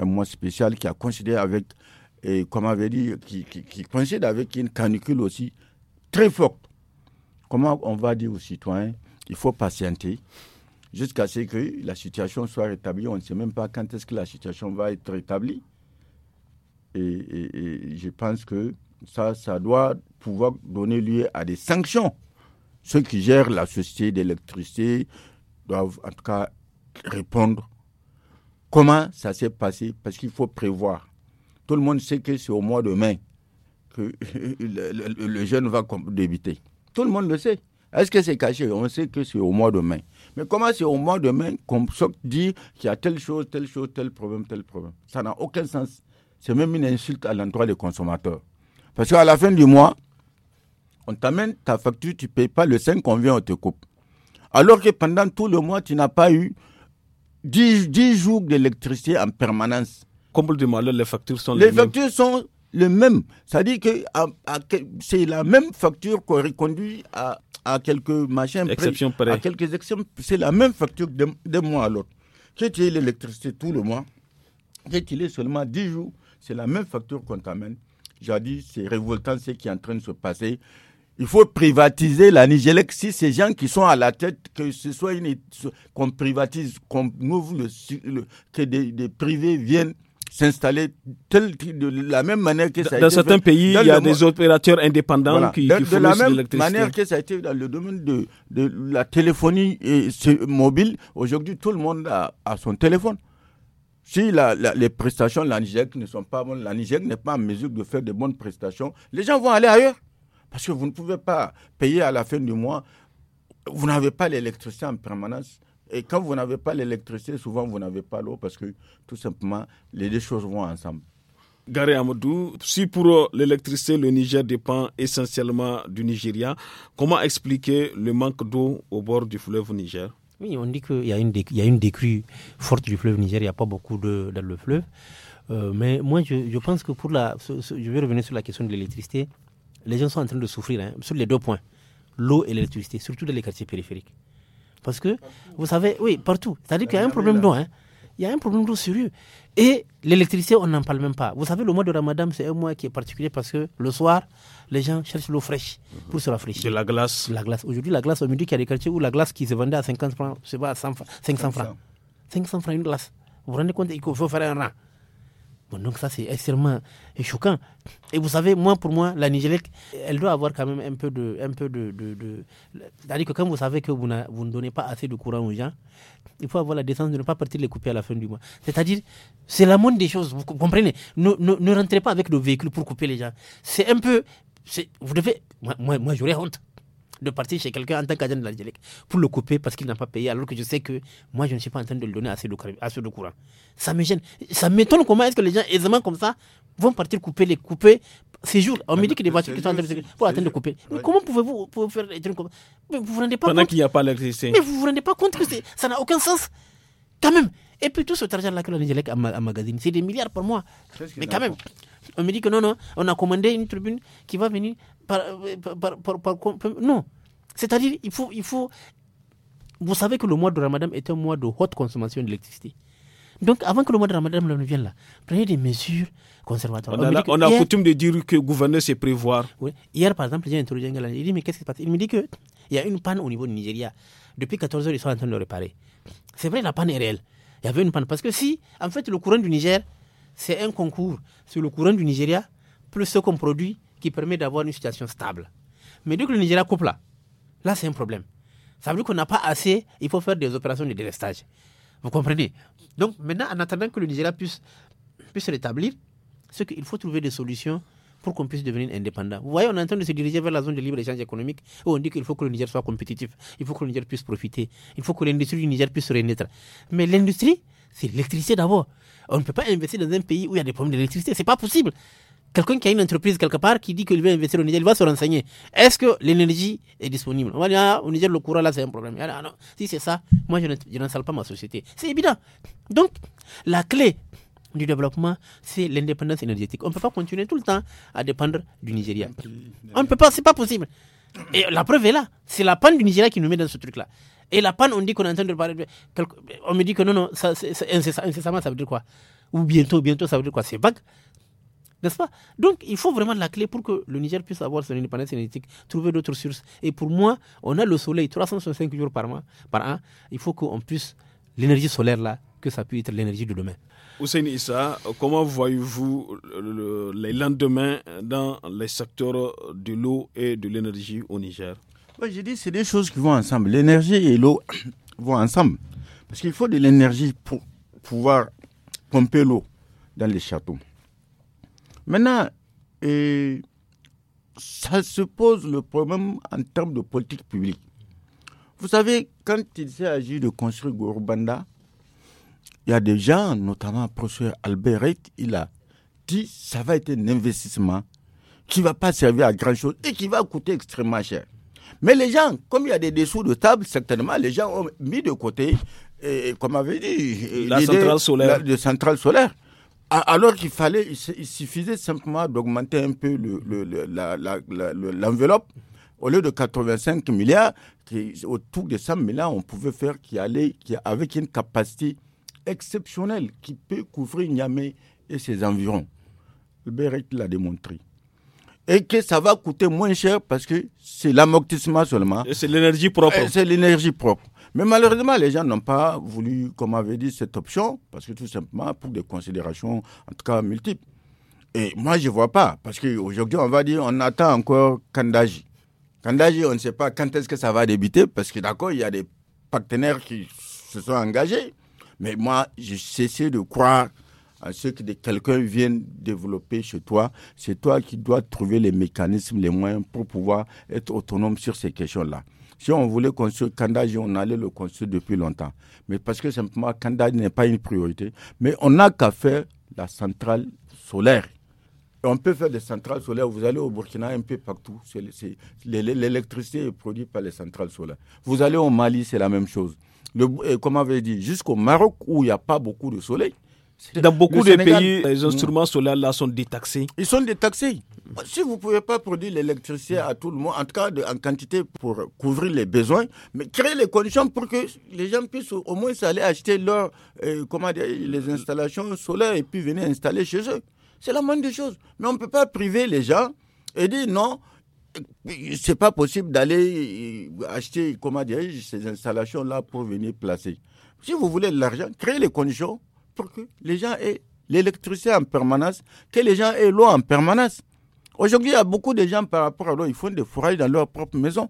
un mois spécial qui a coïncidé avec, comme avait dit, qui, qui, avec une canicule aussi très forte. Comment on va dire aux citoyens qu'il faut patienter jusqu'à ce que la situation soit rétablie On ne sait même pas quand est-ce que la situation va être rétablie. Et, et, je pense que ça, ça doit pouvoir donner lieu à des sanctions. Ceux qui gèrent la société d'électricité doivent en tout cas répondre Comment ça s'est passé Parce qu'il faut prévoir. Tout le monde sait que c'est au mois de mai que le, jeune va débiter. Tout le monde le sait. Est-ce que c'est caché On sait que c'est au mois de mai. Mais comment c'est au mois de mai qu'on dit qu'il y a telle chose, telle chose, tel problème, tel problème Ça n'a aucun sens. C'est même une insulte à l'endroit des consommateurs. Parce qu'à la fin du mois, on t'amène ta facture, tu ne payes pas le 5 qu'on vient, on te coupe. Alors que pendant tout le mois, tu n'as pas eu 10, jours d'électricité en permanence. Complètement, les factures sont les, mêmes. Les factures sont les mêmes. C'est-à-dire que c'est la même facture qu'on reconduit à, à, quelques machines. Exception À quelques exceptions. C'est la même facture d'un mois à l'autre. Que l'électricité tout le mois, que tu seulement 10 jours, c'est la même facture qu'on t'amène. J'ai dit, c'est révoltant ce qui est en train de se passer. Il faut privatiser la Nigélec. Si ces gens qui sont à la tête, que ce soit une, qu'on privatise, qu'on ouvre le, que des, privés viennent s'installer de la même manière que ça a dans certains pays il y a des opérateurs indépendants qui, de la même manière que ça a été dans le domaine de, la téléphonie mobile aujourd'hui tout le monde a, son téléphone si les prestations de la Nigélec ne sont pas bonnes, la Nigélec n'est pas en mesure de faire de bonnes prestations, les gens vont aller ailleurs. Parce que vous ne pouvez pas payer à la fin du mois. Vous n'avez pas l'électricité en permanence. Et quand vous n'avez pas l'électricité, souvent vous n'avez pas l'eau parce que tout simplement, les deux choses vont ensemble. Garé Amadou, si pour euh, l'électricité, le Niger dépend essentiellement du Nigeria, comment expliquer le manque d'eau au bord du fleuve Niger Oui, on dit qu'il y, a une décrue forte du fleuve Niger, il n'y a pas beaucoup d'eau dans le fleuve. Euh, mais moi, je, pense que pour la. Je vais revenir sur la question de l'électricité les gens sont en train de souffrir hein, sur les deux points, l'eau et l'électricité, surtout dans les quartiers périphériques. Parce que, vous savez, oui, partout. C'est-à-dire qu'il y a un problème d'eau. Hein. Il y a un problème d'eau sérieux. Et l'électricité, on n'en parle même pas. Vous savez, le mois de Ramadan, c'est un mois qui est particulier parce que le soir, les gens cherchent l'eau fraîche pour se rafraîchir. C'est la glace. La glace. Aujourd'hui, la glace, au me dit qu'il y a des quartiers où la glace qui se vendait à 50 francs, je sais pas, à 500 francs. 500 francs une glace. Vous vous rendez compte qu'il faut faire un rang donc ça, c'est extrêmement choquant. Et vous savez, moi, pour moi, la Nigélec, elle doit avoir quand même un peu de... Un peu de, C'est-à-dire que quand vous savez que vous, vous, ne donnez pas assez de courant aux gens, il faut avoir la décence de ne pas partir les couper à la fin du mois. C'est-à-dire, c'est la moindre des choses, vous comprenez ne, ne, rentrez pas avec le véhicule pour couper les gens. C'est un peu... Vous devez... Moi, moi, moi j'aurais honte de partir chez quelqu'un en tant qu'agent de l'Angélique pour le couper parce qu'il n'a pas payé, alors que je sais que moi, je ne suis pas en train de le donner à ceux de, courant. Ça me gêne. Ça m'étonne comment est-ce que les gens aisément comme ça vont partir couper les couper jours. On me dit que les voitures qui sont en train de pour couper. Mais comment pouvez-vous faire des trucs comme ça Vous vous rendez pas Pendant qu'il n'y a pas l'électricité. Mais vous vous rendez pas compte que ça n'a aucun sens quand même. Et puis tout ce argent-là que l'Angélique a magazine, c'est des milliards par mois. Mais quand même. On me dit que non, non, on a commandé une tribune qui va venir par. non. C'est-à-dire, il faut, il faut. Vous savez que le mois de Ramadan est un mois de haute consommation d'électricité. Donc, avant que le mois de Ramadan ne vienne là, prenez des mesures conservatoires. On, a, coutume de dire que le gouverneur sait prévoir. Hier, par exemple, j'ai interrogé un gars, il dit Mais qu'est-ce qui se passe Il me dit qu'il y a une panne au niveau du Nigeria. Depuis 14 heures, ils sont en train de le réparer. C'est vrai, la panne est réelle. Il y avait une panne. Parce que si, en fait, le courant du Niger c'est un concours sur le courant du Nigeria, plus ce qu'on produit, qui permet d'avoir une situation stable. Mais dès que le Nigeria coupe là, là c'est un problème. Ça veut dire qu'on n'a pas assez, il faut faire des opérations de délestage. Vous comprenez Donc maintenant, en attendant que le Nigeria puisse, puisse se rétablir, il qu'il faut trouver des solutions pour qu'on puisse devenir indépendant. Vous voyez, on est en train de se diriger vers la zone de libre-échange économique où on dit qu'il faut que le Niger soit compétitif, il faut que le Niger puisse profiter, il faut que l'industrie du Niger puisse se renaître. Mais l'industrie, c'est l'électricité d'abord. On ne peut pas investir dans un pays où il y a des problèmes d'électricité. n'est pas possible. Quelqu'un qui a une entreprise quelque part qui dit qu'il veut investir au Niger, il va se renseigner. Est-ce que l'énergie est disponible On va dire, ah, au Niger, le courant là, c'est un problème. Ah, si c'est ça, moi, je n'installe pas ma société. C'est évident. Donc, la clé du développement, c'est l'indépendance énergétique. On ne peut pas continuer tout le temps à dépendre du Nigeria. On ne peut pas, Ce n'est pas possible. Et la preuve est là. C'est la panne du Nigeria qui nous met dans ce truc-là. Et eh, la panne, on dit qu'on est en train de parler On me dit que non, non, ça, incessamment, ça veut dire quoi Ou bientôt, bientôt, ça veut dire quoi C'est vague. N'est-ce pas Donc, il faut vraiment la clé pour que le Niger puisse avoir son indépendance énergétique, trouver d'autres sources. Et pour moi, on a le soleil 365 jours par mois, par an. Il faut qu'on puisse, l'énergie solaire là, que ça puisse être l'énergie de demain. Hussein Issa, comment voyez-vous les lendemains dans les secteurs de l'eau et de l'énergie au Niger j'ai dit, c'est des choses qui vont ensemble. L'énergie et l'eau vont ensemble. Parce qu'il faut de l'énergie pour pouvoir pomper l'eau dans les châteaux. Maintenant, ça se pose le problème en termes de politique publique. Vous savez, quand il s'est agi de construire Gourbanda il y a des gens, notamment le professeur Albert il a dit que ça va être un investissement qui ne va pas servir à grand-chose et qui va coûter extrêmement cher. Mais les gens, comme il y a des dessous de table, certainement, les gens ont mis de côté, et, euh, comme avait dit, euh, la centrale solaire. de centrale solaire. Alors qu'il fallait, il suffisait simplement d'augmenter un peu l'enveloppe. Le, la, au lieu de 85 milliards, autour de 100 milliards, on pouvait faire qui allait qui, avec une capacité exceptionnelle qui peut couvrir Niamey et ses environs. Le Béret l'a démontré et que ça va coûter moins cher parce que c'est l'amortissement seulement. Et c'est l'énergie propre. C'est l'énergie propre. Mais malheureusement, les gens n'ont pas voulu, comme avait dit, cette option, parce que tout simplement, pour des considérations, en tout cas multiples. Et moi, je ne vois pas, parce qu'aujourd'hui, on va dire, on attend encore Kandaji. Kandaji, on ne sait pas quand est-ce que ça va débuter, parce que d'accord, il y a des partenaires qui se sont engagés. Mais moi, j'ai cessé de croire à ce que quelqu'un vienne développer chez toi, c'est toi qui dois trouver les mécanismes, les moyens pour pouvoir être autonome sur ces questions-là. Si on voulait construire Kandaji, on allait le construire depuis longtemps. Mais parce que simplement, Kandaji n'est pas une priorité. Mais on n'a qu'à faire la centrale solaire. on peut faire des centrales solaires. Vous allez au Burkina un peu partout. L'électricité est produite par les centrales solaires. Vous allez au Mali, c'est la même chose. comme on avait dit, jusqu'au Maroc où il n'y a pas beaucoup de soleil, dans beaucoup de pays, les mm. instruments solaires là sont détaxés. Ils sont détaxés. Si vous ne pouvez pas produire l'électricité à tout le monde, en tout cas de, en quantité pour couvrir les besoins, mais créer les conditions pour que les gens puissent au moins aller acheter leur, euh, comment dire, les installations solaires et puis venir installer chez eux. C'est la moindre des choses. Mais on ne peut pas priver les gens et dire non, c'est pas possible d'aller euh, acheter, comment dire, ces installations-là pour venir placer. Si vous voulez de l'argent, créez les conditions pour que les gens aient l'électricité en permanence, que les gens aient l'eau en permanence. Aujourd'hui, il y a beaucoup de gens par rapport à l'eau, ils font des forages dans leur propre maison.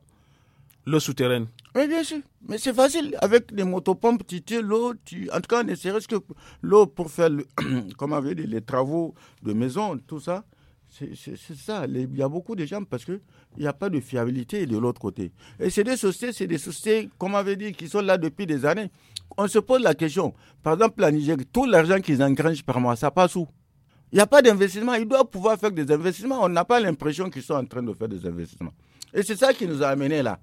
L'eau souterraine Oui, bien sûr. Mais c'est facile. Avec des motopompes, tu tires l'eau. Tu... En tout cas, ne serait-ce que l'eau pour faire Comment les travaux de maison, tout ça. C'est ça. Il y a beaucoup de gens parce qu'il n'y a pas de fiabilité de l'autre côté. Et c'est des sociétés, c'est des sociétés, comme on avait dit, qui sont là depuis des années on se pose la question. Par exemple, la tout l'argent qu'ils engrangent par mois, ça passe où Il n'y a pas d'investissement. Ils doivent pouvoir faire des investissements. On n'a pas l'impression qu'ils sont en train de faire des investissements. Et c'est ça qui nous a amenés là.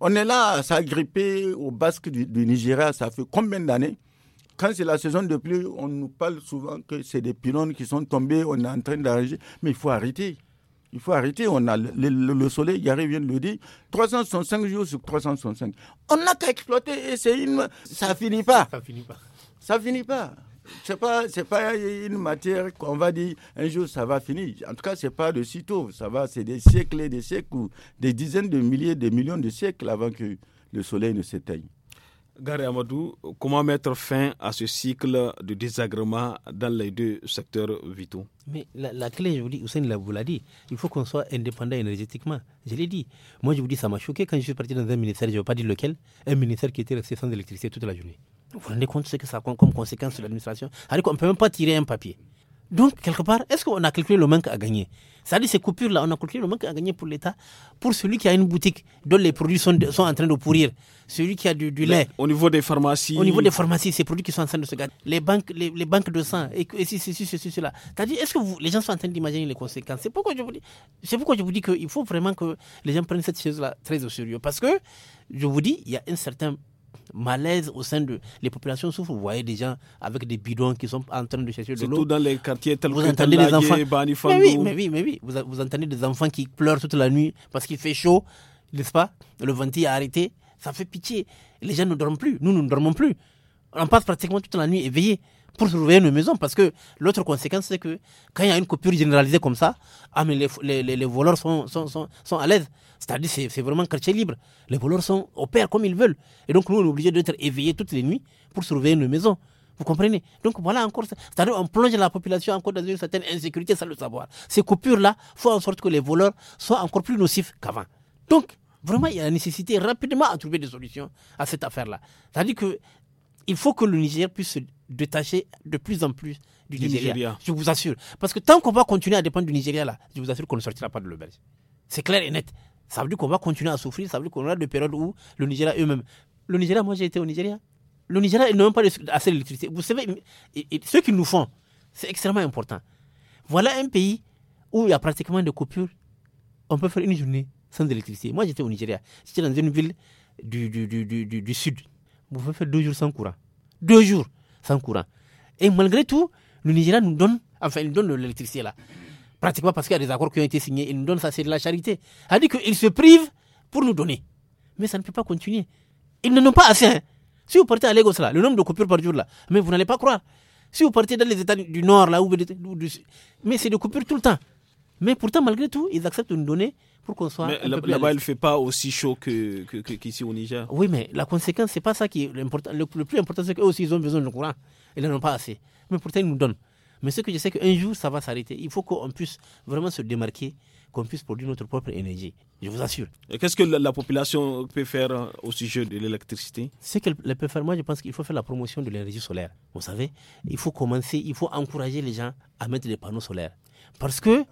On est là à s'agripper au basque du, du, Nigeria. Ça fait combien d'années Quand c'est la saison de pluie, on nous parle souvent que c'est des pylônes qui sont tombés, on est en train d'arranger. Mais il faut arrêter. Il faut arrêter. On a le, soleil, Yari vient de le dire, 365 jours sur 365. On n'a qu'à exploiter et c'est une... Ça finit pas. Ça finit pas. Ça finit pas. C'est pas, pas une matière qu'on va dire un jour ça va finir. En tout cas, ce n'est pas de sitôt, Ça va, c'est des siècles et des siècles ou des dizaines de milliers, des millions de siècles avant que le soleil ne s'éteigne. Gary Amadou, comment mettre fin à ce cycle de désagrément dans les deux secteurs vitaux Mais la, clé, je vous dis, Hussein vous l'a dit, il faut qu'on soit indépendant énergétiquement. Je l'ai dit. Moi, je vous dis, ça m'a choqué quand je suis parti dans un ministère, je ne vais pas dire lequel, un ministère qui était resté sans électricité toute la journée. Vous vous rendez compte ce que ça a comme conséquence sur l'administration On ne peut même pas tirer un papier. Donc, quelque part, est-ce qu'on a calculé le manque à gagner C'est-à-dire, ces coupures-là, on a calculé le manque à gagner pour l'État, pour celui qui a une boutique dont les produits sont, sont en train de pourrir, celui qui a du, lait. Au niveau des pharmacies. Au niveau des pharmacies, ces produits qui sont en train de se gâter. Les banques, les, banques de sang, et, si ceci, si, ceci, cela. C'est-à-dire, est-ce que vous, les gens sont en train d'imaginer les conséquences C'est pourquoi je vous dis, c'est pourquoi je vous dis qu'il faut vraiment que les gens prennent cette chose-là très au sérieux. Parce que, je vous dis, il y a un certain malaise au sein de. Les populations souffrent. Vous voyez des gens avec des bidons qui sont en train de chercher de l'eau. Surtout dans les quartiers vous que entendez les enfants. Mais oui, mais oui, mais oui. Vous, vous entendez des enfants qui pleurent toute la nuit parce qu'il fait chaud, n'est-ce pas Le ventil a arrêté. Ça fait pitié. Les gens ne dorment plus. Nous, nous ne dormons plus. On passe pratiquement toute la nuit éveillés pour surveiller nos maisons Parce que l'autre conséquence, c'est que quand il y a une coupure généralisée comme ça, ah, mais les, les, les voleurs sont, sont, sont, à l'aise. C'est-à-dire c'est, c'est vraiment quartier libre. Les voleurs sont, opèrent comme ils veulent. Et donc, nous, on est obligé d'être éveillés toutes les nuits pour surveiller nos maisons. Vous comprenez Donc voilà encore, c'est-à-dire qu'on plonge la population encore dans une certaine insécurité ça le savoir. Ces coupures-là font en sorte que les voleurs soient encore plus nocifs qu'avant. Donc vraiment, il y a la nécessité rapidement à trouver des solutions à cette affaire-là. C'est-à-dire que il faut que le Niger puisse détacher de plus en plus du, Nigeria. Je vous assure. Parce que tant qu'on va continuer à dépendre du Nigeria, là, je vous assure qu'on ne sortira pas de l'auberge. C'est clair et net. Ça veut dire qu'on va continuer à souffrir. Ça veut dire qu'on aura des périodes où le Nigeria eux-mêmes. Le Nigeria, moi j'ai été au Nigeria. Le Nigeria, ils n'ont pas assez d'électricité. Vous savez, ce qu'ils nous font, c'est extrêmement important. Voilà un pays où il y a pratiquement des coupures. On peut faire une journée sans électricité. Moi, j'étais au Nigeria. J'étais dans une ville du, du, du, du, du sud. Vous pouvez faire deux jours sans courant. Deux jours sans courant. Et malgré tout, le Nigeria nous donne, enfin, il donne l'électricité là. Pratiquement parce qu'il y a des accords qui ont été signés, il nous donne ça, c'est de la charité. Il dit qu'ils se privent pour nous donner. Mais ça ne peut pas continuer. Ils n'en ont pas assez. Hein. Si vous partez à Lagos là, le nombre de coupures par jour là, mais vous n'allez pas croire. Si vous partez dans les États du Nord là, où mais c'est des coupures tout le temps. Mais pourtant, malgré tout, ils acceptent de nous donner pour qu'on soit. là-bas, il ne fait pas aussi chaud qu'ici que, que, au Niger. Oui, mais la conséquence, c'est pas ça qui est important. Le, plus important, c'est qu'eux aussi, ils ont besoin de courant. Ils n'en ont pas assez. Mais pourtant, ils nous donnent. Mais ce que je sais, qu'un jour, ça va s'arrêter. Il faut qu'on puisse vraiment se démarquer, qu'on puisse produire notre propre énergie. Je vous assure. Et qu'est-ce que la, la, population peut faire euh, au sujet de l'électricité Ce qu'elle peut faire, moi, je pense qu'il faut faire la promotion de l'énergie solaire. Vous savez, il faut commencer, il faut encourager les gens à mettre des panneaux solaires parce que.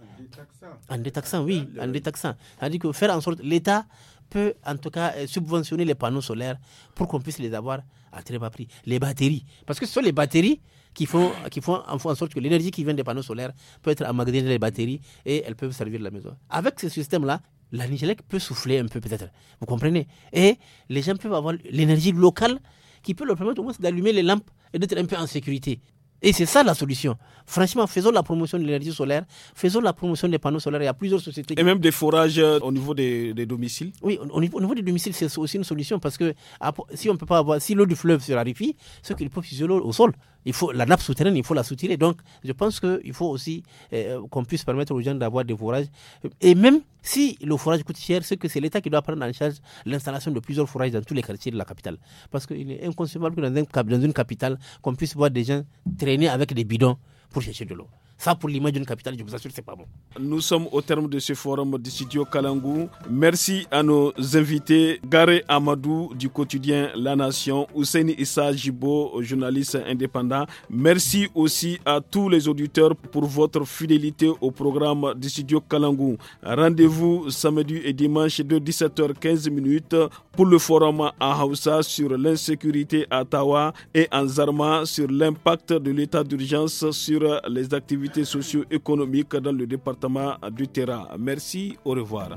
En détaxant, oui, en détaxant. C'est-à-dire que faire en sorte. L'État peut, en tout cas, euh, subventionner les panneaux solaires pour qu'on puisse les avoir à très bas prix. Les batteries. Parce que ce sont les batteries qui font, qui font en sorte que l'énergie qui vient des panneaux solaires peut être emmagasinée dans les batteries et elles peuvent servir la maison. Avec ce système-là, la Nigélec peut souffler un peu peut-être. Vous comprenez Et les gens peuvent avoir l'énergie locale qui peut leur permettre au moins d'allumer les lampes et d'être un peu en sécurité. Et c'est ça la solution. Franchement, faisons la promotion de l'énergie solaire, faisons la promotion des panneaux solaires. Il y a plusieurs sociétés. Et même des forages euh, au niveau des, des domiciles Oui, au, niveau, des domiciles, c'est aussi une solution parce que si on peut pas avoir, si l'eau du fleuve se raréfie, c'est qu'il peuvent l'eau au sol il faut la nappe souterraine, il faut la soutirer. Donc, je pense qu'il faut aussi euh, qu'on puisse permettre aux gens d'avoir des forages. Et même si le forage coûte cher, c'est que c'est l'État qui doit prendre en charge l'installation de plusieurs forages dans tous les quartiers de la capitale. Parce qu'il est inconcevable que dans, dans une capitale, qu'on puisse voir des gens traîner avec des bidons pour chercher de l'eau. Ça, pour l'image d'une capitale, je vous assure, c'est pas bon. Nous sommes au terme de ce forum du studio Kalangou. Merci à nos invités, Garé Amadou du quotidien La Nation, Hussein Issa Jibo, journaliste indépendant. Merci aussi à tous les auditeurs pour votre fidélité au programme du studio Kalangou. Rendez-vous samedi et dimanche de 17h15 pour le forum à Hausa sur l'insécurité à Tawa et en Zarma sur l'impact de l'état d'urgence sur les activités socio économique dans le département du terrain. Merci, au revoir.